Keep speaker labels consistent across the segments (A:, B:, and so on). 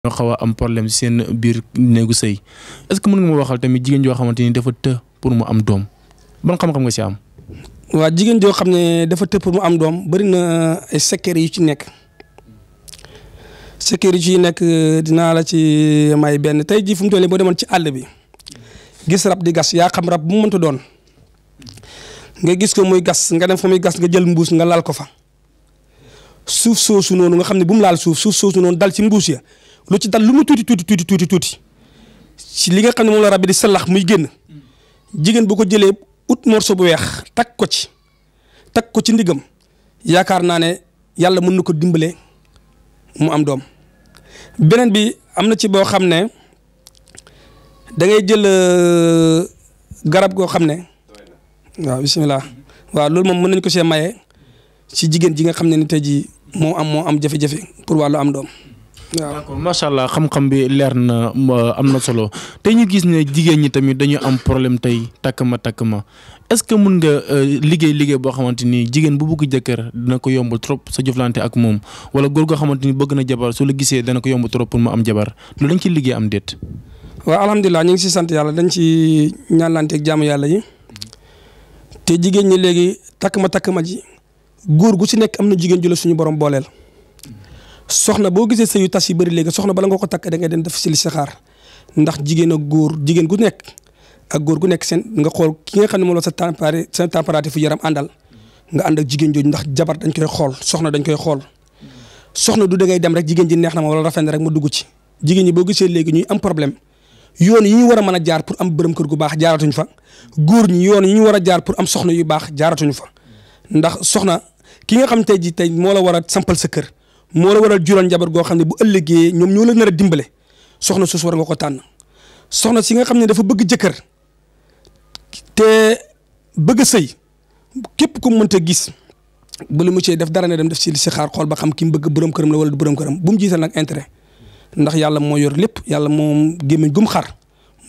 A: ñoo xaw a am problème ci seen biir néegu sëy est-ce que mën nga ma waxal tamit jigéen joo xamante ni dafa të pour mu am doom ban xam-xam nga ci am. waa jigéen joo xam
B: ne dafa të mu am doom bari na ay yu ci nekk secret yu ci nekk euh, dinaa la ci euh, may benn tey jii fu mu toll boo demoon ci àll bi gis rab di gas yaa xam rab bu mu doon nga gis ko muy gas nga dem fa muy gas nga jël mbuus nga laal ko fa suuf soosu noonu nga xam ne bu mu laal suuf suuf soosu noonu dal ci mbuus ya lu ci dal lu mu tuuti tuuti tuuti tuuti tuuti ci li nga xam ne moom la di sallax muy génn jigéen bu ko jëlee ut morceau bu weex takk ko ci takk ko ci ndigam yaakaar naa ne yàlla mën na ko dimbale mu am doom beneen bi am na ci boo xam ne da jël euh, garab goo xam ne waaw bisimilah waaw loolu moom mën nañ ko see maye ci jigéen ji nga xam ne ni tey ji moo am moo am jafe-jafe pour wàllu am doom
A: d'accord macha allah xam-xam bi leer na am na solo te ñu gis ne jigéen ñi tamit dañu am problème tey takk ma takk ma est-ce que mun nga euh, liggéey liggéey boo xamante ni jigéen bu bëgg jëkkër dina ko yomb trop sa jëflante ak moom wala góor goo xamante ni bëgg na jabar su la gisee dana ko yomb trop pour mu am jabar loolu dañ ci liggéey am déet.
B: waaw alhamdulilah ñi ngi si sant yàlla dañ ci ñaanlante ak jaamu yàlla yi te jigéen ñi léegi takk ma takk ma ji góor gu si nekk am na jigéen ju la suñu borom booleel. soxna boo gisee sëyu tas yi bëri léegi soxna bala nga ko takk da ngay dem def si listixaar ndax jigéen a góor jigéen gu nekk a góor gu nekk seen nga xool ki nga xam ne moom sa température sa température yaram àndal nga ànd ak jigéen jooju ndax jabar dañ koy xool soxna dañ koy xool soxna du da ngay dem rek jigéen ji neex na ma rafet na rek ma dugg ci jigéen ñi boo gisee léegi ñuy am yoon yi ñu war mën a jaar pour am bërëm kër gu baax jaaratuñ fa góor ñi yoon ñu war a jaar pour am soxna yu baax jaaratuñ fa ndax soxna ki nga xam tey ji tey moo la war a sampal sa kër moo la waral juróon jabar goo xam ne bu ëllëgee ñoom ñoo la nar a dimbale soxna suus war nga ko tànn soxna si nga xam ne dafa bëgg jëkkër te bëgg a sëy képp ku mënta gis bala mu cee def dara ne dem def si li si xaar xool ba xam ki mu bëgg borom këram la wala du borom këram bu mu jiital nag intérêt ndax yàlla moo yor lépp yàlla moom gémmiñ gum xar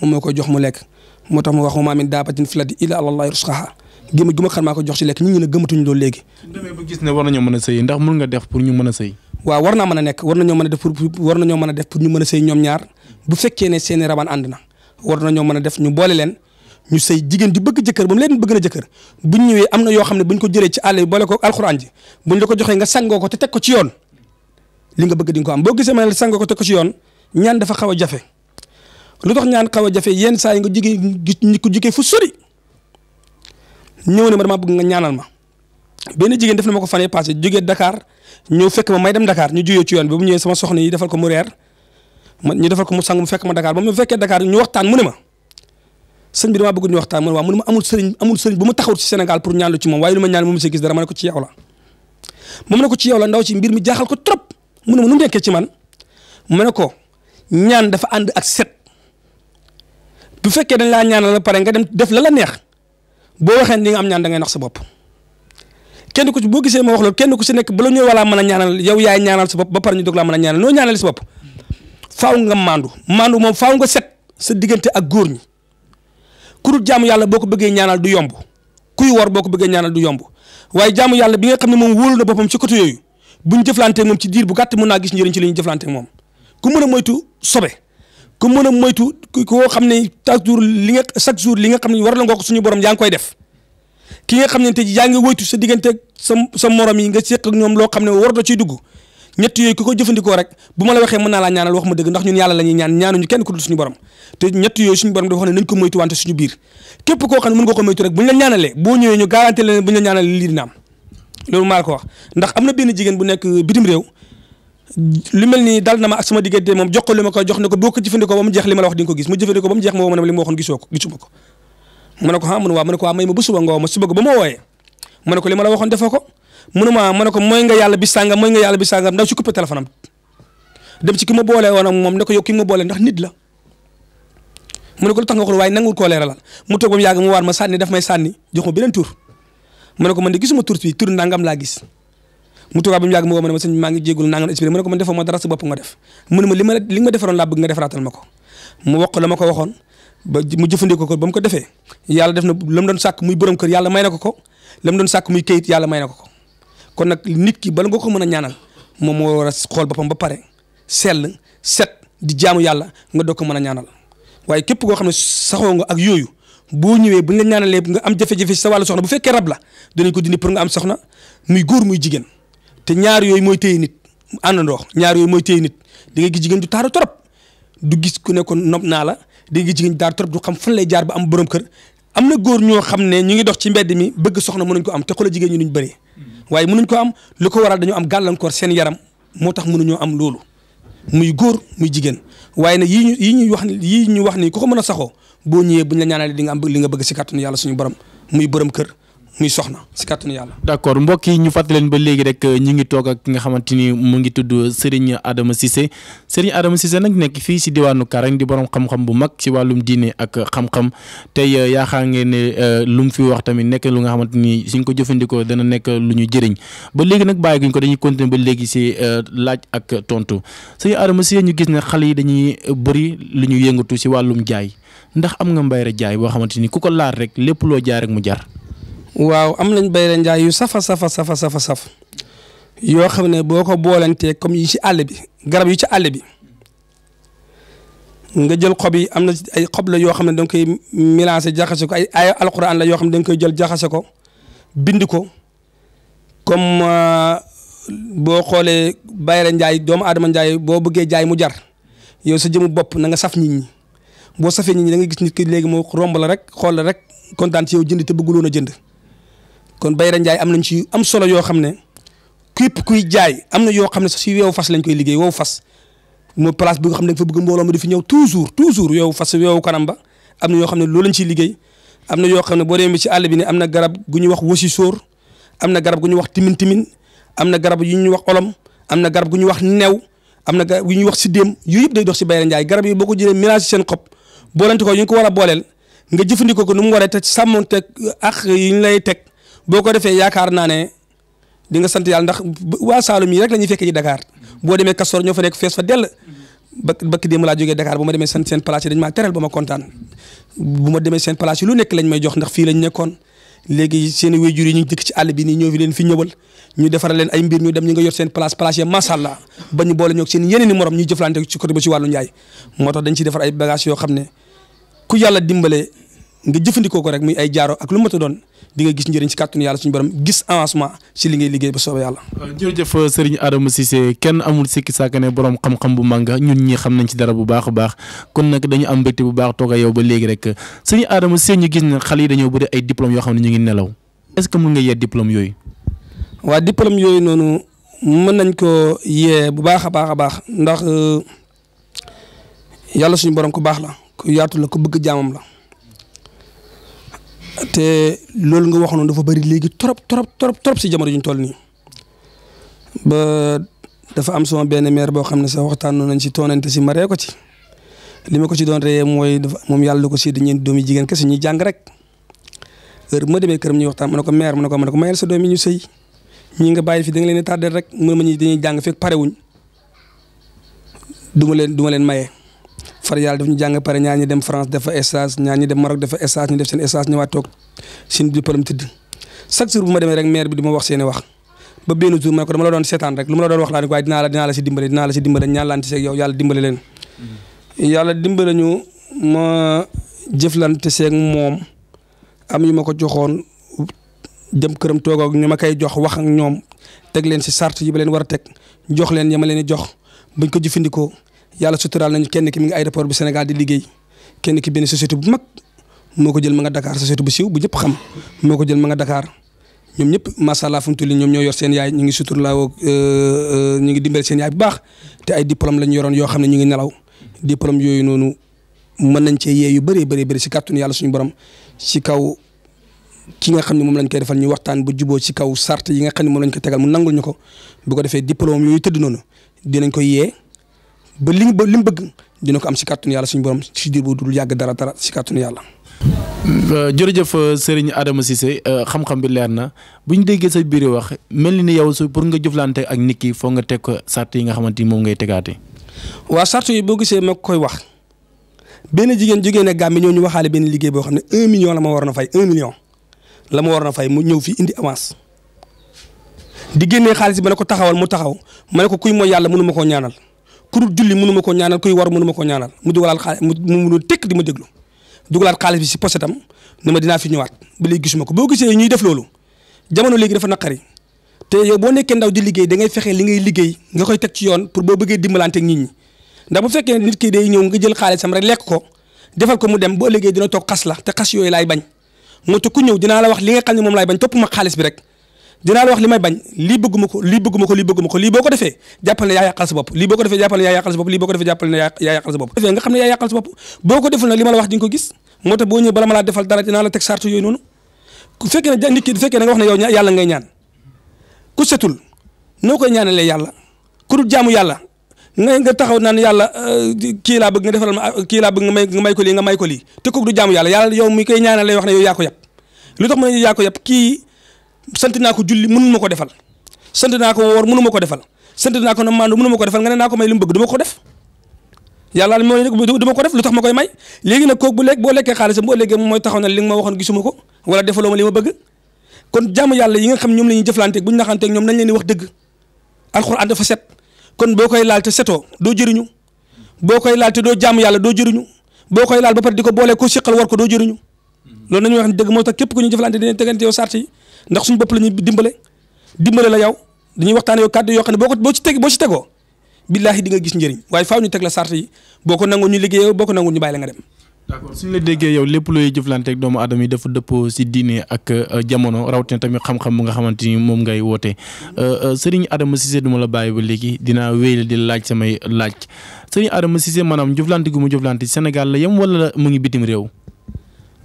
B: moom moo ko jox mu lekk moo tax mu wax ma min daabatin fi ladi illa àlallahi rusqaha gémmiñ guma xar maa ko jox si lekk nit ñi ne gëmatuñ loolu léegi bu
A: demee ba gis ne mën a ndax mun nga def pour ñu mën a sëy
B: waaw war naa mën a nekk war nañoo mën a def pour war nañoo mën a def pour ñu mën a sëy ñoom ñaar bu fekkee ne seeni raban ànd na war nañoo mën a def ñu boole leen ñu sëy jigéen di bëgg jëkkër ba leen bëgg na jëkkër buñ ñëwee am na yoo xam ne buñ ko jëlee ci àll yi boole ko alxuraan ji buñ la ko joxee nga sangoo ko te teg ko ci yoon li nga bëgg di ko am boo gisee ma ne sangoo ko teg ko ci yoon ñaan dafa xaw a jafe lu tax ñaan xaw a jafe yenn saa yi nga jigéen ñi ko jugee fu sori ñëw ne ma dama bëgg nga ñaanal ma benn jigéen def na ma ko fanee passé jógee Dakar ñëw fekk ma may dem Dakar ñu juyoo ci yoon bi bu ñëwee sama soxna yi defal ko mu reer ma ñu defal ko mu sang mu fekk ma Dakar ba mu fekkee Dakar ñu waxtaan mu ne ma sëñ bi damaa bëgg ñu waxtaan man waaw mu ne ma amul sëriñ amul sëriñ bu ma taxawut ci Sénégal pour ñaan lu ci moom waaye lu ma ñaan moom si gis dara ma ko ci yow la moom ko ci yow ndaw ci mbir mi jaaxal ko trop mu ne ma nu mu ci man mu ne ko ñaan dafa ànd ak set bu fekkee dañ laa ñaanal la pare nga dem def la la neex boo waxee ni nga am ñaan da ngay nax sa bopp kenn ku ci boo gisee ma wax loolu kenn ku si nekk bala ñoo walaa a ñaanal yow yaay ñaanal sa bopp ba pare ñu dog laa mën a ñaanal noo ñaanal sa bopp nga maandu maandu moom faw nga set sa diggante ak góor ñi ku dul jaamu yàlla boo ko bëggee ñaanal du yomb kuy wor boo ko bëggee ñaanal du yomb waaye jaamu yàlla bi nga xam ne moom wóolu na boppam ci côté yooyu bu ñu jëflante moom ci diir bu gàtt mën naa gis njëriñ ci li ñu jëflante moom ku mën a moytu sobe ku mën a moytu koo xam ne chaque jour li nga chaque jour li nga xam ne war la nga ko suñu borom yaa ngi koy def ki nga xam ne te yaa ngi woytu sa diggante sa sa morom nga séq ñoom loo xam ne warutoo ciy dugg ñett yooyu ku ko jëfandikoo rek bu ma la waxee mën naa laa ñaanal wax ma dëgg ndax ñun yàlla la ñuy ñaan ñaanuñu kenn ku dul suñu borom te ñett yooyu suñu borom dafa wax ne boo ñëwee ñu garanté leen buñ la lii dina loolu maa ko wax ndax am na benn jigéen bu nekk bitim réew lu mel ni dal na ma ak sama diggante moom jox li ma koy jox ne ko boo ko jëfandikoo ba mu jeex li ma la wax di ko gis mu jëfandikoo ba mu jeex moo ma ne li ma waxoon gisoo ko mu ne ko ah mu ne waaw ko waaw may ma ba suba nga woo ma suba ko ba ma wooyee mu ne ko li ma la waxoon defoo ko ma ma ne ko mooy nga yàlla bi sàngam mooy yàlla bi sàngam ndaw si coupé téléphone am dem ci ki ma boolee moom ne ko yow ki ma ndax nit la mu ne ko lu tax nga ko waaye nanguwul koo leeralal mu waar ma sànni daf may sànni jox ma beneen tur ko man de gisuma tur tur nangam laa gis mu toogaa ba mu yàgg ma ne maa ngi jéggul nangam expliqué mu ne ko man nga def mu ne ma li ma li nga ma defaroon laa bëgg nga la ma ko waxoon ba mu jëfandikoo ko ba mu ko defee yàlla def na la mu doon sàkk muy borom kër yàlla may na ko ko la mu doon sàkk muy kayit yàlla may na ko ko kon nag nit ki bala nga ko mën a ñaanal moom moo war a xool ba boppam ba pare sell set di jaamu yàlla nga doog ko mën a ñaanal waaye képp koo xam ne saxoo nga ak yooyu boo ñëwee bu ñu la ñaanalee nga am jafe-jafe si sa wàllu soxna bu fekkee rab la dinañ ko dindi pour nga am soxna muy góor muy jigéen te ñaar yooyu mooy téye nit àndandoo ñaar yooyu mooy téye nit di nga gis jigéen du trop du gis ku ne ko naa la di ngi jigéen daar trop du xam fan lay jaar ba am borom kër am na góor ñoo xam ne ñu ngi dox ci mbedd mi bëgg soxna mënuñ ko am te xoola jigéen ñi duñ bëri mm-hmm. waaye mënuñ ko am lu ko waral dañu am gàllankoor seen yaram moo tax mënuñoo am loolu muy góor muy jigéen waaye nag yii ñu yii ñuy wax yii ñu wax nii ku ko mën a saxo boo ñëwee buñ la ñaanalee di nga am li nga bëgg si kàttanu yàlla suñu borom muy borom kër muy soxna si kàttanu yàlla. d' accord
A: mbokk yi ñu fàttali leen ba léegi rek euh, ñu ngi toog ak ki nga xamante ni mu ngi tudd euh, Serigne Adama Cissé nag nekk fii si diwaanu Karang di borom xam-xam bu mag si wàllum diine ak xam-xam tey euh, yaa xaa ngeen ne lu mu fi wax tamit nekk lu nga xamante ni suñ ko jëfandikoo dana nekk lu ñu jëriñ ba léegi nag bàyyi guñ ko dañuy continuer ba léegi si laaj ak tontu Serigne Adama Cissé ñu gis ne xale yi dañuy bëri lu ñu yëngatu si wàllum jaay ndax am nga mbay rek
B: waaw am nañ bayra njaay yu safa safa safa safa saf yoo xam ne boo ko boolantee comme yi ci àll bi garab yi ci àll bi nga jël xob am na ay xob la yoo xam ne da nga koy mélangé ay ay yoo xam ne da koy jël jaxase ko bind ko comme euh, boo xoolee bayra njaay doomu adama njaay boo bëggee jaay mu jar yooyu sa jëmu bopp na nga saf nit ñi boo safee nit ñi da nga gis nit ki léegi moo romb la rek xool la rek kontaan ci yow jënd te bëgguloon a jënd kon Bayra Ndiaye am nañ ci am solo yoo xam ne képp kuy jaay am na yoo xam ne sax si weewu fas lañ koy liggéey weewu fas mo place bi nga xam ne da nga fa bëgg mbooloo ma di fi ñëw toujours toujours weewu fas weewu kanam ba am na yoo xam ne loolu lañ ciy liggéey am na yoo xam ne boo demee ci àll bi ne am na garab gu ñuy wax wosi sóor am na garab gu ñuy wax timin timin am na garab yu ñuy wax olom am na garab gu ñuy wax new am na garab yu ñuy wax si yu yëpp day dox si Bayra Ndiaye garab yi boo ko jëlee mélange seen xob boolante ko yu ñu ko war a booleel nga jëfandikoo ko nu mu waree te sàmmoon teg ak yi lay teg boo ko defee yaakaar naa ne di nga sant yàlla ndax waa Saalum mii rek la ñuy fekk ci boo demee Kastoor ñoo fa nekk fees fa dell ba bakk démb laa jógee Dakar bu ma demee seen seen place yi dañ maa teral ba ma kontaan bu ma demee seen lu nekk lañ may jox ndax fii lañ nekkoon léegi seen wéjur ñu dëkk ci àll bi nii ñoo fi leen fi ñëwal ñu defaral leen ay mbir ñu dem ñu nga yor seen place place ya macha allah ba ñu boole ñoog seen yeneen i morom ñuy jëflante ci côté ba ci wàllu njaay moo tax dañ ciy defar ay bagage yoo xam ne ku yàlla dimbale nga jëfandikoo ko rek muy ay jaaro ak lu mata doon di nga gis njëriñ si kàttanu yàlla suñu borom gis avancement ci li ngay liggéey ba soobee yàlla.
A: Euh, jërëjëf euh, Serigne Adama Cissé kenn amul sikki sàkk ne borom xam-xam bu mànga ñun ñi xam nañ ci dara bu baax a baax kon nag dañu am mbégte bu baax toog yow ba léegi rek Serigne Adama Cissé ñu gis ne yi dañoo bëri ay diplôme yoo xam ne ñu ngi nelaw est-ce que mën nga yee diplôme yooyu.
B: waa diplôme yooyu noonu mën nañ ko yee bu baax a baax a baax ndax euh, yàlla suñu borom ku baax la ku yaatu la ku bëgg jaamam la te loolu nga wax noonu dafa bëri léegi trop trop trop trop si jamono juñ toll nii ba dafa am sama benn maire boo xam ne sa waxtaan nañ si toonante si maree ko ci li ma ko si doon mooy dafa moom yàlla ko si di ñeenti doomi jigéen kese ñuy jàng rek heure bu ma demee këram ñuy waxtaan ma ne ko maire ma ne ko ma ko mayal sa doomi ñu sëy ñi nga bàyyi fi danga leen di tardé rek mën ma ñi dañuy jàng fekk pare wuñ leen du ma leen maye. far yàlla daf ñu jàng pare ñaa ñi dem France dafa stage ñaa ñi dem Maroc dafa stage ñu def seen stage ñëwaat toog suñu diplôme tëdd chaque jour bu ma demee rek maire bi di ma wax seeni wax ba benn jour ma ne la doon seetaan rek lu ma la doon wax laa ne ko waaye dinaa la dinaa la si dimbale dinaa la yàlla dimbale ñu ma jëflante seeg moom am yu ma ko joxoon dem këram toog ñu ma koy jox wax ak ñoom teg leen si sart yi ba leen war a teg jox leen ya ma leen jox bañ ko jëfandikoo yàlla suturaal nañu kenn ki mi ngi aéroport bu Sénégal di liggéey kenn ki benn société bu mag moo ko jël manga nga Dakar société bu siiw bu ñëpp xam moo ko jël ma nga Dakar ñoom ñëpp macha allah fu mu ñoom ñoo yor seen yaay ñu ngi suturlaawoo euh, euh, ñu ngi dimbali seen yaay bu baax te ay diplôme lañ yoroon yoo xam ne ñu ngi nelaw diplôme yooyu noonu mën nañ cee yee yu bëree bëri bëri si kàttanu yàlla suñu borom si kaw ki nga xam ne moom lañ koy defal ñu waxtaan bu juboo si kaw sart yi nga xam ne moom lañ ko tegal mu nangul ñu ko bu ko defee diplôme yooyu tëdd noonu dinañ ko yee ba lim ba li mu bëgg dina ko am si kàttanu yàlla suñu borom si diir bu dul yàgg dara dara si kàttanu yàlla.
A: Euh, jërëjëf euh, sëriñ Adama Cissé euh, xam-xam bi leer na bu ñu déggee sa biir wax mel ni yow su pour nga jëflante ak nit ki foo nga teg ko sart yi nga xamante ni moom ngay tegaate
B: waa sart boo gisee ma koy wax benn jigéen jigéen ne gàmmi ñoo ñu waxaale benn liggéey boo xam ne un million la ma waroon a fay un la ma waroon a fay mu ñëw fii indi avance. di génnee xaalis ba ma ne ko taxawal mu taxaw ma ne ko kuy mooy yàlla mënu ma koo ñaanal. ku dul julli mënu ma ko ñaanal kuy war mënu ma ko ñaanal mu dugalaat xaalis mu mënul tekk di ma déglu dugalaat xaalis bi si posetam ne ma dinaa fi ñëwaat ba léegi gisuma ko boo gisee ñuy def loolu jamono léegi dafa naqari te yow boo nekkee daw di liggéey dangay ngay fexe li ngay liggéey nga koy teg ci yoon pour boo bëggee dimbalante ak nit ñi ndax bu fekkee nit ki day ñëw nga jël xaalisam rek lekk ko defal ko mu dem boo liggéey dina toog xas la te xas yooyu laay bañ moo tax ku ñëw dinaa la wa li nga xam ne moom laay bañ topp ma xaalis bi rek dinaa la wax li may bañ lii bëgguma ko lii bëgguma ko lii bëgguma ko lii boo ko defee jàppal ne yaa yàqal sa bopp lii boo ko defee jàppal ne yaa yàqal sa bopp lii boo ko defee jàppal ne yaa yàqal sa bopp defee nga xam ne yaa yàqal sa bopp boo ko deful nag li ma la wax di nga ko gis moo tax boo ñëwee bala ma laa defal dara dinaa la teg charte yooyu noonu ku fekkee ne nit ki fekkee ne nga wax ne yow yàlla ngay ñaan ku setul noo koy ñaanalee yàlla ku dul jaamu yàlla nga nga taxaw naan yàlla euh, kii laa bëgg nga defaral ma kii laa bëgg nga may nga may ko lii nga may ko lii te kooku du jaamu yàlla yàlla yow mi koy ñaanalee wax ne yow yaa ko yàpp lu tax mu ne yaa ko yàpp kii sant naa ko julli mënu ma ko defal sant naa ko woor mënu ma ko defal sant naa ko na ma ko defal nga naa ko may li mu bëgg du ma ko def yàlla moo ne du ma ko def lu tax ma koy may léegi nag kooku bu lekk boo mooy taxaw na li nga ma waxoon gisuma ko wala defaloo ma li bëgg kon jàmm yàlla yi nga xam ñoom la ñuy jëflanteeg bu ñu naxanteeg ñoom nañ leen di wax dëgg alxuraan fa set kon boo koy laal te setoo doo jëriñu boo koy laal te doo jàmm yàlla doo jëriñu boo koy laal ba pare ko boolee ko siqal war ko doo jëriñu loolu nañu wax dëgg moo tax ku ñu jëflante dina tegante yow ndax suñu bopp la ñuy dimbale dimbale la yow dañuy waxtaanee yow kàddu yoo xam ne boo ko ci teg boo ci tegoo billaahi di nga gis njëriñ waaye faaw ñu teg la sart yi boo ko nangu ñu liggéeyoo boo ko nangu ñu bàyyi la dem.
A: suñu la déggee yow lépp looy jëflanteeg doomu aadama yi dafa dëppoo si diine ak euh, jamono rawatina tamit xam bu nga xamante ni moom ngay woote euh, euh, sëriñ Adama Cissé du ma la bàyyi léegi dinaa wéyal di laaj samay laaj sëriñ Adama Cissé maanaam jëflante gu mu jëflante Sénégal la yem wala mu ngi bitim réew.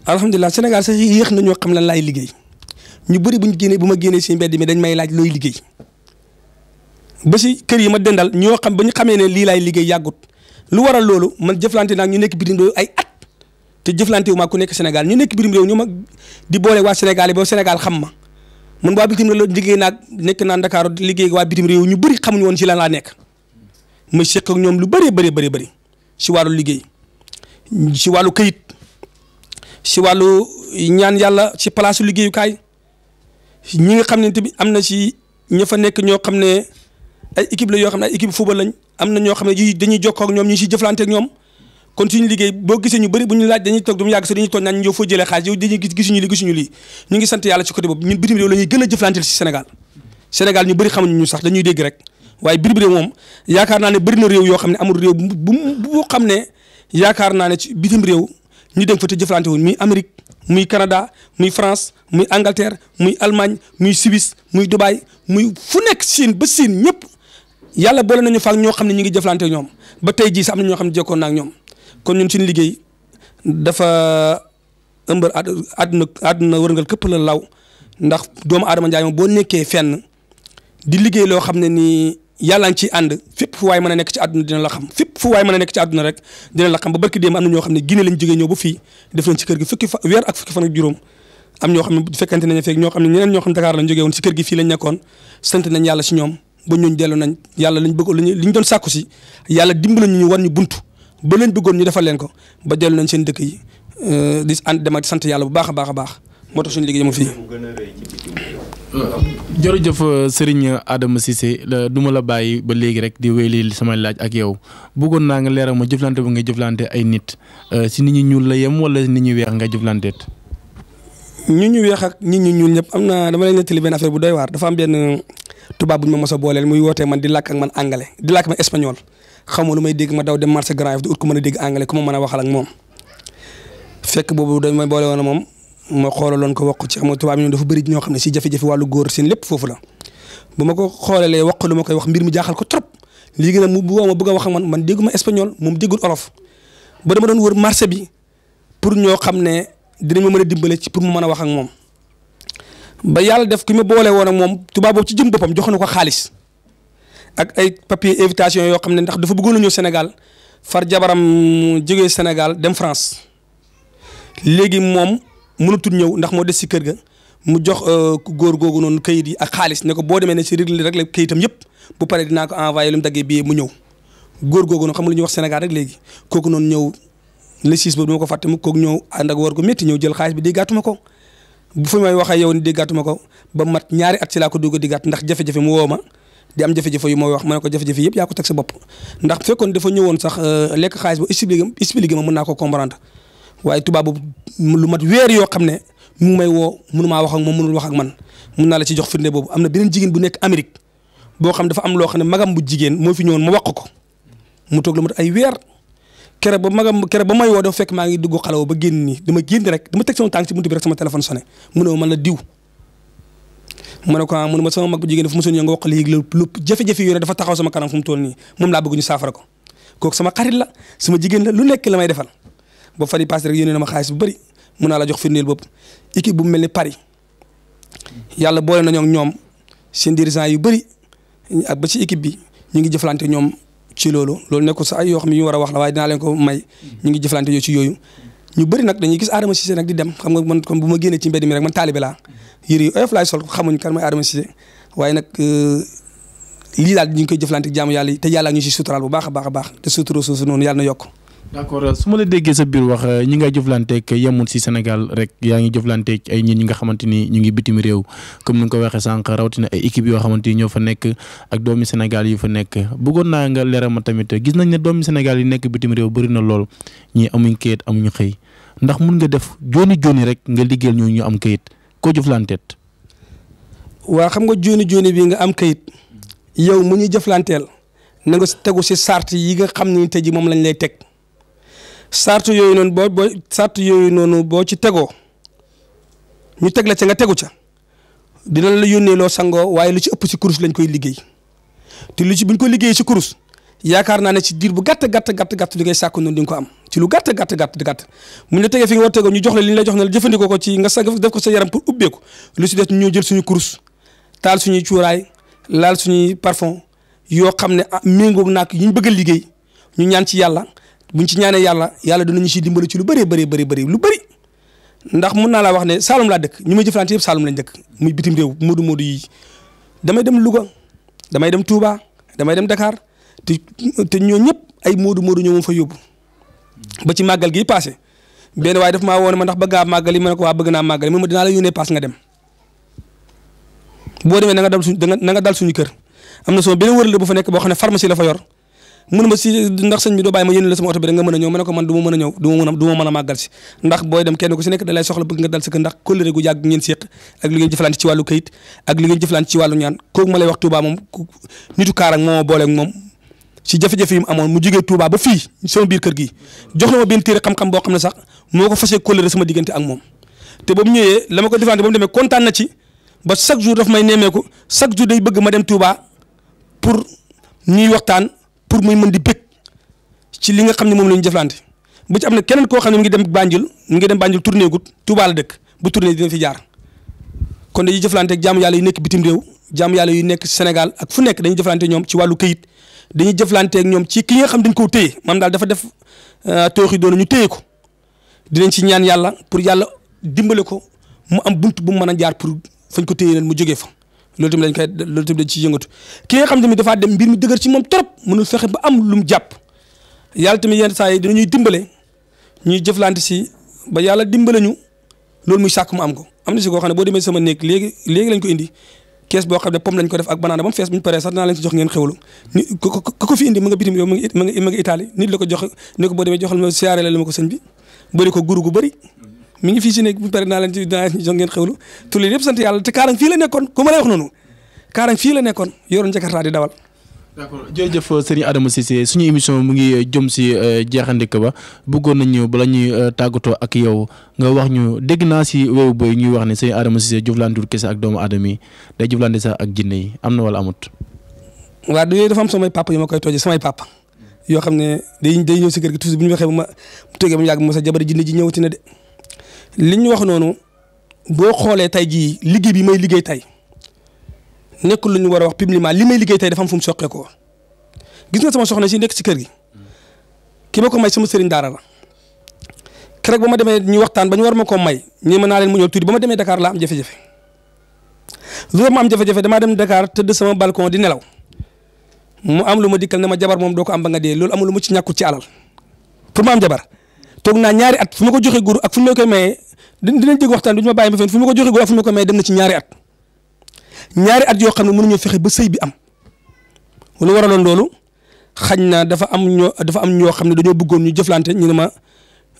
B: alhamdulilah Sénégal sax yéex na ñoo xam lan laay liggéey ñu bëri bu ñu génnee bu ma génnee si mbedd mi dañ may laaj looy liggéey si kër yi ma dendal ñoo xam ba xamee ne lii laay liggéey yàggut lu waral loolu man jëflante naag ñu nekk bitim réew te jëflante ma ku nekk Sénégal ñu nekk bitim réew ñu ma di boole waa Sénégal yi ba Sénégal xam ma man waa bitim liggéey naag nekk naa Dakar liggéey waa bitim réew ñu bëri xamuñu woon si lan laa seq ak ñoom lu bëree bëri bëri bëri si wàllu liggéey si wàllu këyit si wàllu ñaan yàlla si palaasu liggéeyukaay ñi nga xam ne tamit am na ci ña fa nekk ñoo xam ne ay équipe la yoo xam ne ay équipe football lañ am na ñoo xam ne yi dañuy jokkoo ak ñoom ñu ci jëflante ñoom kon suñu liggéey boo gisee ñu bëri bu ñu laaj dañuy toog du mu yàgg sax dañuy toog naan yow foo jëlee xaalis yow dañuy gis gisuñu li gisuñu lii ñu ngi sant yàlla si côté boobu ñun bitim réew la ñuy gën a jëflanteel Sénégal Sénégal ñu bëri xamuñu ñu sax dañuy dégg rek waaye bitim réew moom yaakaar naa ne bëri na réew yoo xam ne amul réew bu bu xam ne yaakaar naa ne ci bitim réew ñu dem fa te wuñ muy Amérique muy Canada muy France muy Angleterre muy Allemagne muy Suisse muy Dubaï muy fu nekk Chine ba Chine ñëpp yàlla boole nañu faak ñoo xam ne ñu ngi jëflante ñoom ba tey jii sax am na ñoo xam ne jekkoon ak ñoom kon ñun suñu liggéey dafa ëmb àdduna àdduna wërngal këpp la law ndax doomu aadama Njaay moom boo nekkee fenn di liggéey loo xam ne nii. yàlla ngi ànd fépp fu waay mën a nekk ci àdduna dina la xam fépp fu waay mën a nekk ci àdduna rek dina la xam ba barki démb am na ñoo xam ne Guinée lañ jógee ñëw ba fii def nañ ci kër gi fukki fa weer ak ne bu fekkante nañ feeg ñoo xam ne ñeneen ñoo xam Dakar lañ jógee woon ci kër lañ nekkoon sant nañ yàlla ci ñoom ba ñooñ dellu nañ yàlla lañ bëgg li ñu doon sàkku si leen bëggoon ñu defal leen ko ba dellu nañ seen dëkk yi euh, di ànd dem ak sant yàlla bu baax a baax baax moo tax suñu liggéey mu fii jërëjëf
A: euh, sëriñ Adama Cissé duma la bàyyi ba léegi rek di wéyli samay laaj ak yow bëggoon naa nga leeral ma jëflante ba nga jëflante ay nit euh, si nit ñi ñuul la yem wala nit ñi weex nga jëflanteet.
B: ñu ñu weex ak nit ñi ñuul ñëpp am na dama leen nettali benn affaire bu doy waar dafa am benn tubaab bu ñu ma mos booleel muy wootee man di làkk ak man anglais di làkk man espagnol xaw ma lu may dégg ma daw dem marché Grand Yoff di ut ku mën a dégg anglais ku ma mën a waxal ak moom fekk boobu dañ ma moom ma xoolaloon ko wax ci am tubaab dafa bëri ñoo xam ne si jafe-jafe wàllu góor seen lépp foofu la bu ma ko xoolalee wax lu ma koy wax mbir mi jaaxal ko trop léegi nag mu bu ma bëgg a wax ak man man moom déggul olof ba dama doon wër marché bi pour ñoo xam ne dinañ ma mën a dimbale ci pour mu mën a wax ak moom ba yàlla def ki ma boole woon ak moom tubaab boobu ci jëm boppam jox na ko xaalis ak ay papier invitation yoo xam ne ndax dafa bëggoon a ñëw Sénégal far jabaram jógee Sénégal dem France léegi moom mënatul ñëw ndax moo des si kër ga mu jox euh, góor googu noonu kayit yi ak xaalis ne ko boo demee ne si réglé rek la kayitam yëpp bu paree dinaa ko envoyé lu mu mu ñëw góor googu noonu xam nga ñuy wax Sénégal rek léegi kooku noonu ñëw le six boobu duma ko fàtte mu kooku ñëw ànd ak war ko métti ñëw jël xaalis bi di gàttuma ko bu fi may wax yow ni di gàttuma ko ba mat ñaari at si laa ko dugg di gàtt ndax jafe-jafe mu woo ma di am jafe-jafe yu mooy wax ma ne ko jafe-jafe yëpp yaa ko teg sa bopp ndax fekkoon dafa ñëwoon sax euh, lekk xaalis ba expliqué expliqué ma mën naa ko comprendre waaye tubaabu boobu lu mat weer yoo xam ne mu may woo mënumaa wax ak moom mënul wax man mun naa la ci jox firnde boobu am na beneen jigéen bu nekk Amérique boo xam dafa am loo xam ne magam bu jigéen moo fi ñëwoon ma wax ko mu toog lu ma ay weer kere ba magam kere ba may woo dafa fekk maa ngi dugg xalaw ba génn nii dama génn rek dama teg sama tànk ci buntu bi rek sama téléphone sonné mu man la diw ma ne ko ah mu ne ma sama mag bu jigéen fu ma sonné nga wax lii lu jafe-jafe yooyu dafa taxaw sama kanam fu mu toll nii moom laa bëgg ñu saafara ko kooku sama xarit la sama jigéen la lu nekk la may defal ba fan yi passé rek yónnee ma xaalis bu bëri mun naa la jox firndeel bopp équipe bu mel ni Paris yàlla boole nañoo ak ñoom seen dirigeants yu bëri a ba ci équipe bi ñu ngi jëflante ñoom ci loolu loolu nekkul sax ay yoo xam ne war a wax la waaye dinaa leen ko may ñu ngi jëflante yoo ci yooyu ñu bëri nag dañuy gis Adama Cissé nag di dem xam nga man comme bu ma ci mbedd mi rek man taalibe laa yëre yu oyof xamuñ kan mooy Adama Cissé waaye nag euh, lii daal ñu ngi koy jëflante jaamu yàlla bu baax a baax a baax te sutura soosu na yokk
A: d' accord euh, su ma la déggee sa biir wax euh, ñi ngay jëflanteeg yemul si Sénégal rek yaa ngi jëflanteeg ay nit ñi nga xamante ni ñu ngi bitim réew comme ni nga ko waxee sànq rawatina ay équipe yoo xamante ni ñoo fa nekk ak doomi Sénégal yu fa nekk bëggoon naa nga leeral ma tamit gis nañ ne doomi Sénégal yi nekk bitim réew bëri na lool ñii amuñ kayit amuñu xëy ndax mun nga def jooni jooni rek nga liggéeyal ñoo ñu am kayit koo jëflanteet.
B: waa xam nga jooni jooni bi nga am kayit yow mu ñuy jëflanteel na nga tegu si sart yi nga xam ne te ji moom lañu lay teg sart yooyu noonu boo boo sart yooyu noonu boo ci tegoo ñu teg la ca nga tegu ca dina la yónnee loo sangoo waaye lu ci ëpp ci kurus lañ koy liggéey te lu ci buñ ko liggéey si kurus yaakaar naa ne ci diir bu gàtt gàtt gàtt gàtt li ngay sàkku noonu di nga ko am ci lu gàtt gàtt gàtt gàtt mu ñu tegee fi nga war tegoo ñu jox la li ñu la jox ne la jëfandikoo ko ci nga sa def ko sa yaram pour ubbeeku lu si des ñu jël suñu kurus taal suñuy cuuraay laal suñuy parfon yoo xam ne ah méngoog naak yi ñu bëgg a liggéey ñu ñaan ci yàlla buñ ci ñaanee yàlla yàlla dinañu si dimbali ci lu bëree bëri bëri lu bëri ndax mun naa laa wax ne Saalum laa dëkk ñu may jëflante yëpp Saalum lañ dëkk muy bitim réew moodu moodu yi damay dem Louga damay dem tuuba damay dem Dakar te te ñoo ñëpp ay moodu moodu ñoo moom fa yóbbu ba ci màggal gi passé benn waaye daf maa woon ma ndax bëgg naa màggal yi ma ne ko waa bëgg ma dinaa la yónnee paas nga dem boo demee na nga dal suñ na nga suñu kër am na soo benn wërale bu fa nekk boo xam ne pharmacie la fa yor mu ne ma si ndax sëñ bi doo bàyyi ma yéen la sama oto bi rek nga mën a ñëw ma ko man du ma a ñëw du ma a du ma mën a màggal si ndax booy dem kenn ku si nekk da lay soxla bëgg nga dal si kër ndax kóllëre gu yàgg ngeen séq ak li ngeen jëflante ci wàllu kayit ak li ngeen jëflante ci wàllu ñaan moom nitu yi mu amoon mu jógee Touba ba fii sama biir kër gi jox la ma benn téere xam-xam boo xam ne sax moo ko fasee kóllëre sama diggante ak moom te ba mu ñëwee la ma ko defante ba mu demee kontaan na ci ba chaque jour daf may nemmeeku chaque jour day bëgg ma dem Touba pour ñuy waxtaan pour muy mën di bég ci li nga xam ne moom lañu ñu jëflante bu ci am na keneen koo xam ne mu ngi dem Banjul mu ngi dem Banjul tournée gut Touba dëkk bu tournée dina fi jaar kon dañuy jëflante ak jaamu yàlla yu nekk bitim réew jaamu yàlla yu nekk Sénégal ak fu nekk dañuy jëflante ñoom ci wàllu këyit dañuy jëflante ak ñoom ci ki nga xam dañ koo téye maam daal dafa def euh, toox yi doon ñu téye ko dinañ ci ñaan yàlla pour yàlla dimbale ko mu am bunt bu mu mën a jaar pour fañ ko téye leen mu jógee fa loolu tamit dañ koy loolu tamit dañ ciy yëngatu ki nga xam tamit dafaa dem mbir mi dëgër ci moom trop mënul fexe ba am lu jàpp yàlla tamit yenn saa yi ñuy dimbale ñuy jëflante si ba yàlla dimbale ñu loolu muy sàkk mu am ko am na si koo xam ne boo demee sama néeg léegi léegi lañ ko indi kees boo xam ne pomme lañ ko def ak banaana ba mu fees bu ñu paree sax leen si jox ngeen xewlu ni ku ko fi indi ma nga bitim yow ma nga ma nga Italie nit la ko jox ne ko boo demee joxal ma siyaare la ma ko ko guru gu bëri mi ngi fii si nekk bu pare naa leen ci dinaa jox ngeen xewlu tur leen yëpp sant yàlla te Kaarang fii la nekkoon ku ma lay wax noonu Kaarang fii la nekkoon yoroon Jakarta di dawal.
A: d'accord jërëjëf sëriñ Adama Cissé suñu émission mu ngi euh, jëm si euh, jeexandik ba bëggoon nañu bala ñuy euh, tàggatoo ak yow nga wax ñu dégg naa si wéw boy ñuy wax ne sëriñ Adama Cissé jëflandiwul kese ak doomu aadama yi day jëflandi sax ak jinne yi am na wala amut.
B: waaw yooyu dafa am samay papa yu ma koy toojee samay papa yoo xam ne day day ñëw si kër gi toujours bu ñu waxee ba ma toogee ba mu yàgg ma sa jabar jinne ji ñëwati na de li ñu wax noonu boo xoolee tey jii liggéey bi may liggéey tey nekkul lu ñu war a wax publiquement li may liggéey tey dafa am fu mu soqee ko gis nga sama soxna si nekk si kër gi ki ma ko may sama sëriñ daara la keroog ba ma demee ñu waxtaan ba ñu war ma koo may ñi ma naa leen mu ñëw tuuti ba ma demee dakaar laa am jafe-jafe loolu ma am jafe-jafe damaa dem Dakar tëdd sama balcon di nelaw mu am lu ma dikkal ne ma jabar moom doo ko am ba nga dee loolu amul lu mu ci ñàkkut ci alal pour ma dinañ dégg waxtaan bi du ma bàyyi ma fenn fu ma ko joxe a fu ma ko may dem na ci ñaari at ñaari at yoo xam ne mënuñoo fexe ba sëy bi am lu waraloon loolu xañ na dafa am ñoo dafa am ñoo xam ne dañoo bëggoon ñu jëflante ñu ne ma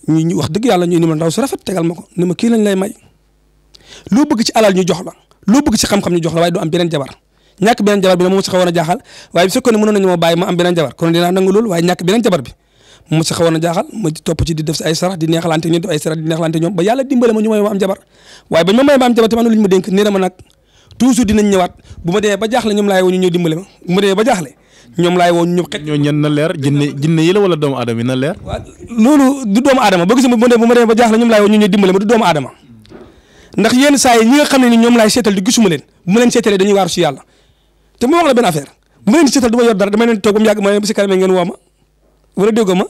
B: ñu wax dëgg yàlla ñu ni ma ndaw su rafet tegal ma ko ni kii lañ lay may loo bëgg ci alal ñu jox la loo bëgg ci xam-xam ñu jox la waaye du am beneen jabar ñàkk beneen jabar bi la moom si xawoon a jaaxal waaye bu fekkoon ne mënoon nañu ma bàyyi ma am beneen mu si xawoon a jaaxal ma topp ci di def si ay sarax di neexalante ñoom def ay sarax di neexalante ñoom ba yàlla dimbale ma ñu may ma am jabar waaye bañ ma may ma am jabar tamit am na lu ñu ma dénk na leer jinne jinne yi la wala doomu aadama gis bu ma ndax yenn saa yi xam ni ñoom laay seetal di gisuma leen bu ma leen seetalee dañuy waaru si yàlla te mu wax la benn affaire bu ma leen seetal du ma dara damay leen toog ba mu yàgg ma ne bu si kanamee ngeen woo wala dégg ma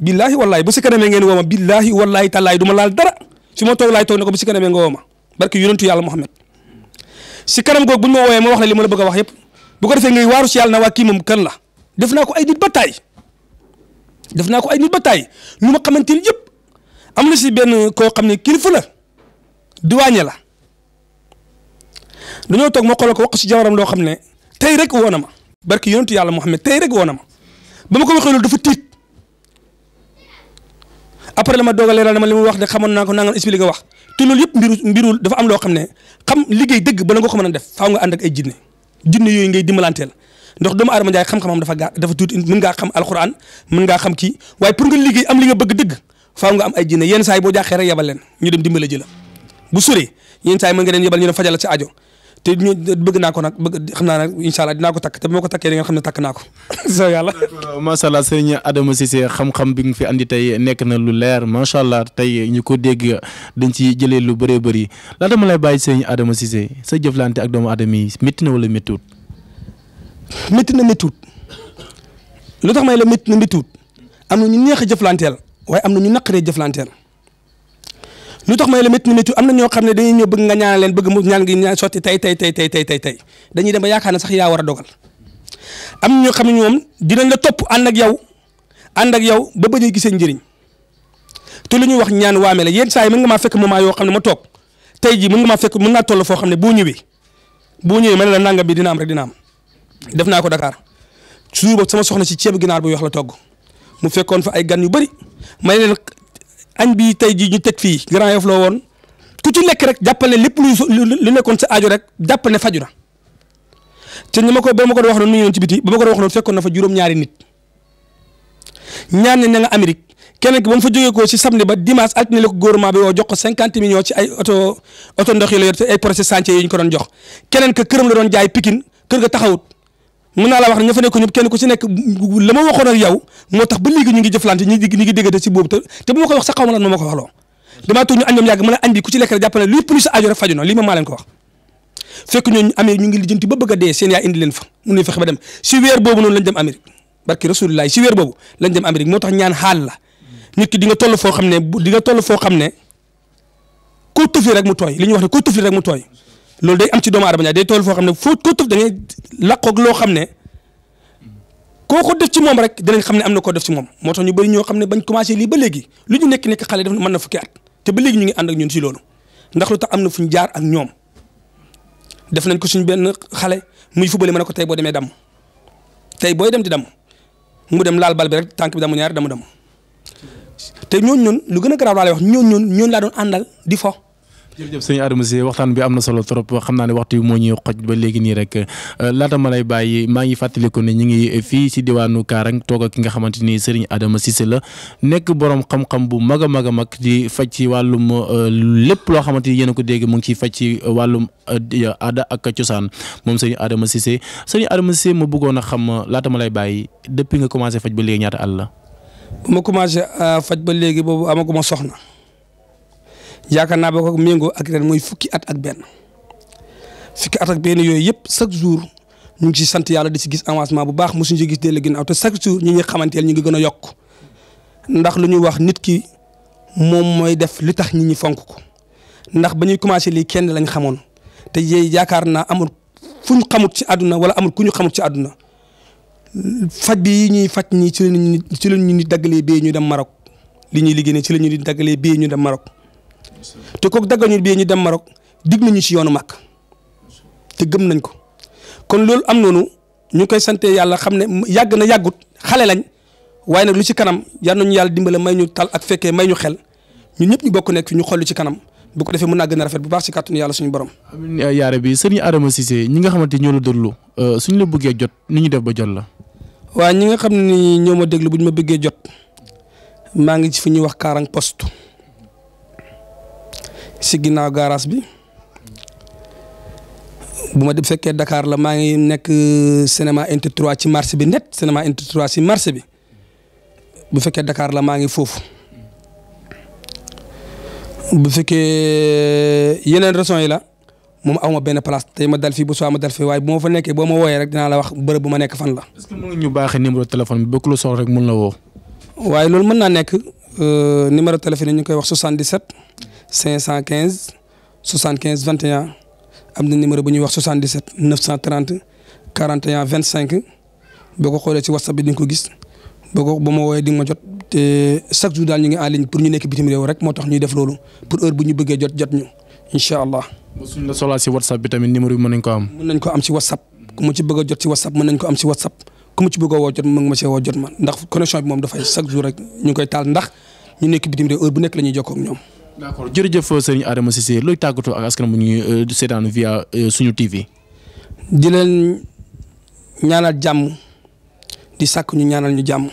B: billaahi wallaahi bu si kanamee ngeen woo ma billaahi wallaahi tallaahi du ma laal dara su ma toog laay toog ne ko bu si kanamee nga woo ma barke yonentu yàlla Muhammad si kanam googu ma woowee ma wax li ma la bëgg wax yëpp bu ko defee ngay waaru si yàlla na waa kii kan la def ko ay nit ba naa ko ay nit lu ma xamante ni yëpp am na si benn koo xam ne kilifa la duwaañe la dañoo toog ma xoolal ko wax si jawaram loo xam ne tey rek woon na ma barke yonentu yàlla Muhammad tey rek woon na ma ba ma ko waxee loolu dafa tiit après la ma doog a leeral dama li wax de xamoon naa ko nangam expliqué nga wax te loolu yëpp mbiru mbiru dafa am loo xam ne xam liggéey dëgg ba nga ko mën a def faaw nga ànd ak ay jinne jinne ngay dimbalanteel ndax doomu aadama njaay xam-xamam dafa gaa dafa tuuti mën ngaa xam alxuraan mën ngaa xam kii waaye pour nga liggéey am li nga bëgg dëgg faaw nga am ay jinne yenn saa yi boo jaaxee rek yebal leen ñu dem dimbala ji la bu sori yenn saa yi mën nga leen yebal ñu dem fajal sa aajo te ñu bëgg na ko nag bëgg xam naa nag incha allah dinaa ko takk te bu ma ko takkee da ngeen xam ne takk naa ko so yàlla macha allah
A: sëriñ Adama Cissé xam-xam bi nga fi andi tey nekk na lu leer macha allah tey ñu ko dégg dañ ci jëlee lu bëree bëri laata ma lay bàyyi sëriñ Adama Cissé sa jëflante ak doomu aadama yi métti na wala méttiwut métti na
B: méttiwut lu tax may la métti na méttiwut am na ñu neex a jëflanteel waaye am na ñu naqaree jëflanteel lu tax may la métti na métti am na ñoo xam ne dañuy ñëw bëgg nga ñaanal leen bëgg mu ñaan ngi ñaan sotti tey tey tey tey tey tey tey dañuy dem ba yaakaar ne sax yaa war a dogal am ñoo xam ne ñoom dinañ la topp ànd ak yow ànd ak yow ba bañ a gisee njëriñ te lu ñuy wax ñaan waame la yenn saa yi mën nga maa fekk moment yoo xam ne ma toog tey jii mën nga maa fekk mën naa toll foo xam ne boo ñëwee boo ñëwee ma ne la nangam bi dina am rek dina am def naa ko Dakar suur ba sama soxna si ceeb ginaar bu yox la togg mu fekkoon fa ay gan yu bari may leen añ bi tey jii ñu teg fii Grand Yoff woon ku ci lekk rek jàppale lépp lu lu nekkoon sa aajo rek jàppale faju na te ñi ma ko ba ma ko wax noonu ñu ci biti ba ma ko wax noonu fekkoon na fa juróom-ñaari nit ñaar ne na nga Amérique keneen ki ba mu fa jógee ko ci samedi ba dimanche altine la ko gouvernement bi woo jox ko cinquante millions ci ay oto oto ndox yi la yor te ay projet chantier yi ñu ko doon jox keneen ka këram la doon jaay pikin kër ga taxawut. mën naa la wax ne ña fa nekk ñëpp kenn ku ci nekk la ma waxoon ak yow moo tax ba léegi ñu ngi jëflante ñu ngi ñu ngi déggante ci boobu te te bu ma ko wax sax xaw ma lan moo ma ko waxloo damaa toog ñu añ ñoom yàgg mën a añ bi ku ci lekk rek jàpp ne lii plus aajo rek faju na lii ma maa leen ko wax fekk ñooñu amee ñu ngi lijjanti ba bëgg a dee seen yaa indi leen fa mun nañu fexe ba dem si weer boobu noonu lañ dem Amérique barki rasulullah si weer boobu lañ dem Amérique moo tax ñaan xaal la nit ki di nga toll foo xam ne di nga toll foo xam ne koo tëfli rek mu tooy li ñuy wax ne koo tëfli rek mu tooy loolu day am ci doomu aadama ñaar day toll foo xam ne foo ko tëf da ngay loo xam ne koo ko def ci moom rek dinañ xam ne am na koo def si moom moo tax ñu bari ñoo xam ne bañ commencé lii ba léegi lu ñu nekk nekk xale def mën na fukki at te ba léegi ñu ngi ànd ak si loolu ndax lu tax am na fu ñu jaar ak ñoom nañ ko suñ benn xale muy fubale mën a boo demee damm tey booy dem di damm mu dem laal bal rek tànk bi damu ñaar damu damu te ñooñu lu gën a garaaw laa lay wax ñooñu ñun ñooñu laa doon àndal di
A: fo jërëjëf sëñ Adama Sy waxtaan bi am na solo trop euh, laata ma lay bàyyi maa ngi fàttaliku ne ñu ngi fii ci diwaanu Kaarang toog ak ki nga xamante ni sëriñ Adama Cissé la nekk borom xam-xam bu mag a mag a mag di faj ci wàllum euh, lépp loo xamante ni yéen a ko dégg mu ngi ciy faj ci wàllum euh, aada ak cosaan moom sëriñ Adama Cissé sëriñ Adama Cissé ma bëggoon a xam laata ma lay bàyyi depuis nga commencé faj ba léegi ñaata àll la.
B: bu ma commencé faj ba léegi boobu amaguma soxna. yaakaar naa boo ko méngoo ak ren mooy fukki at ak benn fukki at ak benn yooyu yëpp chaque jour ñu ngi si sant yàlla di si gis avancement bu baax mosuñu si gis déllu ginnaaw te chaque jour ñi ñuy xamanteel ñu ngi gën a yokk ndax lu ñuy wax nit ki moom mooy def li tax nit ñi fonk ko ndax ba ñuy commencé lii kenn lañ xamoon te yéen yaakaar naa amul fu ñu ci àdduna wala amul ku ñu xamut ci àdduna faj bi yi ñuy faj ñii ci la ñuy ci la ñuy ñu dem Maroc li ñuy liggéey ci la ñuy daggalee bee ñu dem Maroc te kook daggal ñu bii ñu dem Maroc dig nañu ci yoonu màkk te gëm nañ ko kon loolu am noonu ñu koy sante yàlla xam ne yàgg na yàggut xale lañ waaye nag lu ci kanam yar nañu yàlla dimbale may ñu tal ak fekkee may ñu xel ñu ñëpp ñu bokk nekk fi ñu xool ci kanam bu ko defee mën naa gën a rafet bu baax ci kàttanu yàlla suñu borom.
A: amiin yaare bi sëriñ Adama Cissé ñi nga xamante ñoo la déglu euh, suñu la bëggee jot ni ñu def ba jot la.
B: waaw ñi nga xam ni ñoo ma déglu bu ma bëggee jot maa ngi ci fi ñuy wax kaarang poste si ginnaaw garage bi bu ma def fekkee dakaar la maa ngi nekk euh, cinéma unité 3 ci marché bi net cinéma unité 3 ci marché bi bu fekkee dakaar la maa ngi foofu bu fekkee euh, yeneen raison yi la moom awma benn place tey ma dal fii bu soo ma dal fii waaye bu ma fa nekkee boo ma wooyee rek dinaa la wax bërëb bu ma nekk fan la. est-ce que mën bi ba la soxla rek mun na woo. waaye loolu mën naa nekk euh, numéro téléphone ñu koy wax 77. 515 75 21 am na numéro bu ñuy wax 77 930 41 25 boo ko xoolee ci whatsapp bi di nga ko gis boo ko ba ma woowee di nga ma jot te chaque moo tax ñuy def loolu pour heure bu ñu bëggee jot jot ñu incha allah. suñ la soxlaa si whatsapp bi tamit numéro bi mën nañ ko am. mën ko am si whatsapp ku a jot si whatsapp mën nañ a ma jot man chaque jour rek ñu ngi koy taal nekk bitim réew heure bu nekk la ñuy jokkoo ñoom d' accord jërëjëf sëriñ
A: Adama Cissé looy tàggatoo ak askan bu ñuy euh, seetaan via euh, suñu TV. di leen
B: ñaanal jàmm di sakku ñu ñaanal ñu jàmm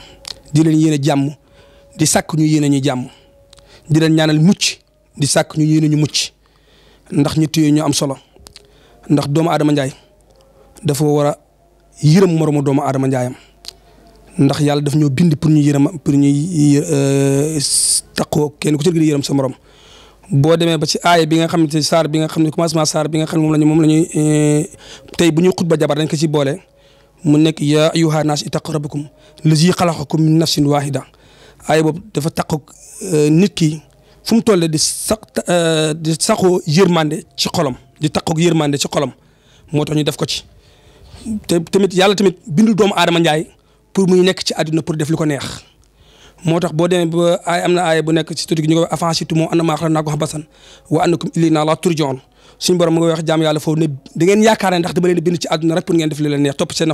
B: di leen yéene jàmm di sakku ñu yéene ñu jàmm di leen ñaanal mucc di sakku ñu yéene ñu mucc ndax ñu téye ñu am solo ndax doomu Adama Ndiaye dafa war a yërëm moromu doomu Adama Ndiayam ndax yàlla daf ñoo bind pour ñu yërëm pour ñu euh, taqoo kenn ku ci di yërëm sa morom. boo demee ba ci aaya bi nga xamante ne saar bi nga xam ne commencement saar bi nga xam ne moom la ñu moom la ñuy euh, tey bu ñuy xutba jabar dañ ko ci boole mu nekk yaa ayyuhaa naas ittaqu rabbakum lazi xalaqakum min nafsin waahida aaya boobu dafa taq euh, nit ki fu mu toll di sax euh, di saxoo yërmande ci xolom di taq yërmande ci xolom moo tax ñu def ko ci te tamit yàlla tamit bindu doomu aadama njaay pour muy nekk ci àdduna pour def li ko neex. moo tax boo demee ba ay am na aaya bu nekk ci tudd gi ñu ko afansitu moom ana maa xala naa ko xabasan wa annakum ilayna la turjaun suñu yàlla foofu ne da ngeen yaakaar ne ndax dama leen bind ci àdduna rek pour ngeen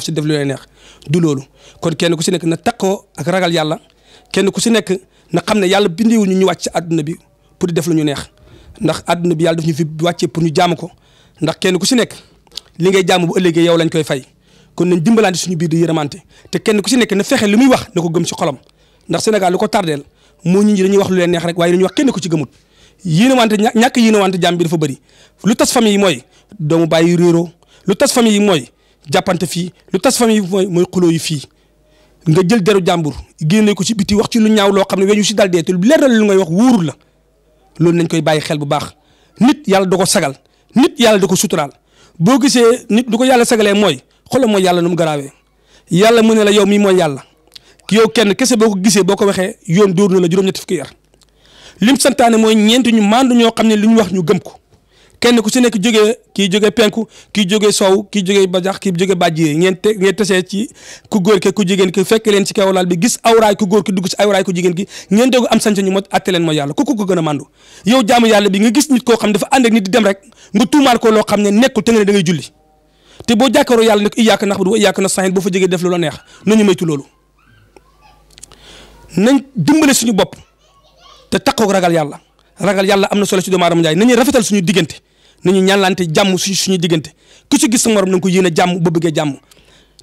B: si def lu du loolu kon kenn ku nekk na taqoo ak ragal yàlla kenn ku si nekk na xam ne yàlla bindiwu ñu ñu wàcc ci bi pour di def ñu neex ndax àdduna bi yàlla daf ñu fi wàccee pour ñu jaam ko ndax kenn ku si nekk li ngay jaamu bu ëllëgee yow lañ koy fay kon nañ dimbalante suñu biir di yërëmante te kenn ku si nekk na fexe li muy wax na ko gëm si xolom ndax Sénégal lu ko tardeel moo ñu ñi dañuy wax lu leen neex rek waaye dañuy wax kenn ko ci gëmut yéene wante ñàkk yéene wante jàmm bi dafa lu tas famille yi mooy doomu bàyyi réero lu tas famille yi mooy jàppante fii lu tas famille yi mooy mooy yi fii nga jël deru jàmbur génne ko ci bitti wax ci lu ñaaw loo xam ne ñu si dal dee te leer na lu ngay wax wóorul la loolu nañ koy bàyyi xel bu baax nit yàlla da ko sagal nit yàlla da ko suturaal boo gisee nit du ko yàlla sagalee mooy xoolal mooy yàlla nu mu garaawee yàlla mu ne la yow mii mooy yàlla yow kenn kese boo ko gisee boo ko waxee yoon dóor na la juróom-ñetti fukki yar lim santaane mooy ñeent ñu màndu ñoo xam ne li ñu wax ñu gëm ko kenn ku si nekk jógee kii jógee penku kii jógee sow kii jógee bajax kii jógee bàjjee ngeen te ngeen tesee ci ku góor ke ku jigéen ki fekk leen ci kaw laal bi gis awraay ku góor ki dugg si awraay ku jigéen ki ngeen doogu am sañ-sañ ñu mot atte leen mooy yàlla ku ko gën a màndu yow jaamu yàlla bi nga gis nit koo xam dafa ànd ak nit di dem rek nga tuumaal ko loo xam ne nekkul te nga ne da ngay julli te boo jàkkaaroo yàlla ne ko iyaaka nax bu du iyaaka na saxin boo fa jógee def lu la neex nañu maytu loolu nañ dimbale suñu bopp te takkoog ragal yàlla ragal yàlla am na solo ci doomu aadama Njaay nañu rafetal suñu diggante nañu ñaanlante jàmm suñu suñu diggante ku ci gis sa morom na nga ko yéene jàmm ba bëggee jàmm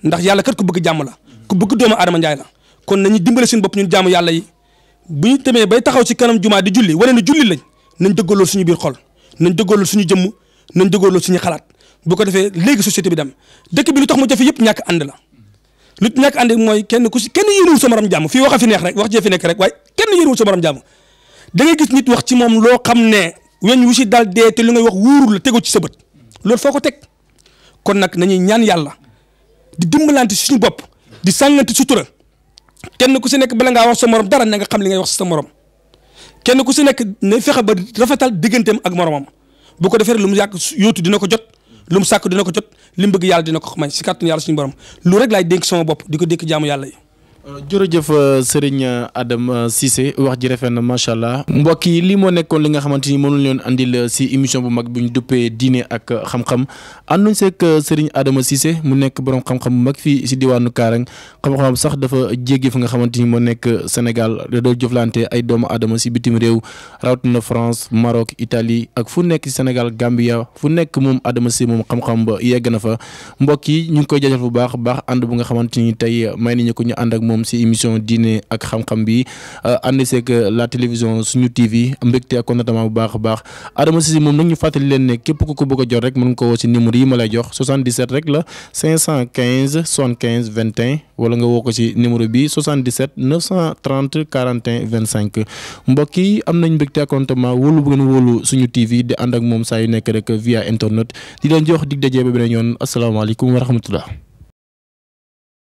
B: ndax yàlla kat ku bëgg jàmm la ku bëgg doomu aadama Njaay la kon nañu dimbale suñu bopp ñun jaamu yàlla yi bu ñu demee bay taxaw ci kanam jumaa di julli wane ne julli lañ nañ dëggalool suñu biir xol nañ dëggalool suñu jëmm nañ dëggalool suñu xalaat bu ko defee léegi société bi dem dëkk bi lu tax mu jafe yëpp ñàkk ànd lu nekk ànd mooy kenn ku si kenn yéenewul sa morom jàmm fii wax a fi neex rek wax jee fi nekk rek waaye kenn yéenewul sa morom jàmm da ngay gis nit wax ci moom loo xam ne weñ wu si dal dee te li ngay wax wóorul la tego ci sa bët loolu foo ko teg kon nag na nañuy ñaan yàlla di dimbalante suñu bopp di sàngante sutura kenn ku si nekk bala ngaa wax sa morom dara na nga xam li ngay wax sa morom kenn ku si nekk ne fexe ba rafetal digganteem ak moromam bu ko defee lu mu yàgg dina ko jot lu mu sàkk dina ko jot li mu bëgg yàlla dina ko may si kàttanu yàlla suñu borom lu rek laay dénk sama bopp di ko dénk jaamu yàlla yi Euh, jërëjëf euh, Serigne
A: euh, Adam Cissé wax ji rafet na macha allah mbokk yi lii moo nekkoon li nga xamante ni mënul leen andil si émission bu mag bu ñu duppee diine ak xam-xam ànduñ se Serigne Adama Cissé mu nekk boroom xam-xam bu mag fii si diwaanu Kaarang xam-xam sax dafa jéggi fi nga xamante ni moo nekk senegal da doon ay doomu aadama si bitim réew rawatina France Maroc Italie ak fu nekk si Sénégal Gambia fu nekk moom Adama si moom xam-xam ba yegg na fa mbokk yi ñu ngi koy jaajëfal bu baax baax ànd bu nga xamante ni tey may nañu ñu ànd ak moom si émission diine ak xam-xam bi euh, ànd seeg euh, la télévision suñu TV mbégte ak kontaanam bu baax a baax Adama Cissé moom nag ñu fàttali leen ne képp ku ko bëgg a jot rek mën nga ko woo si numéro yi ma lay jox 77 rek la 515 75 21 wala nga woo ko si numéro bi 77 930 41 25 mbokk yi am nañ mbégte ak kontaanam wóolu bu ngeen wóolu suñu TV di ànd ak moom saa yu nekk rek via internet di leen jox dig daje ba beneen yoon asalaamaaleykum wa rahmatullah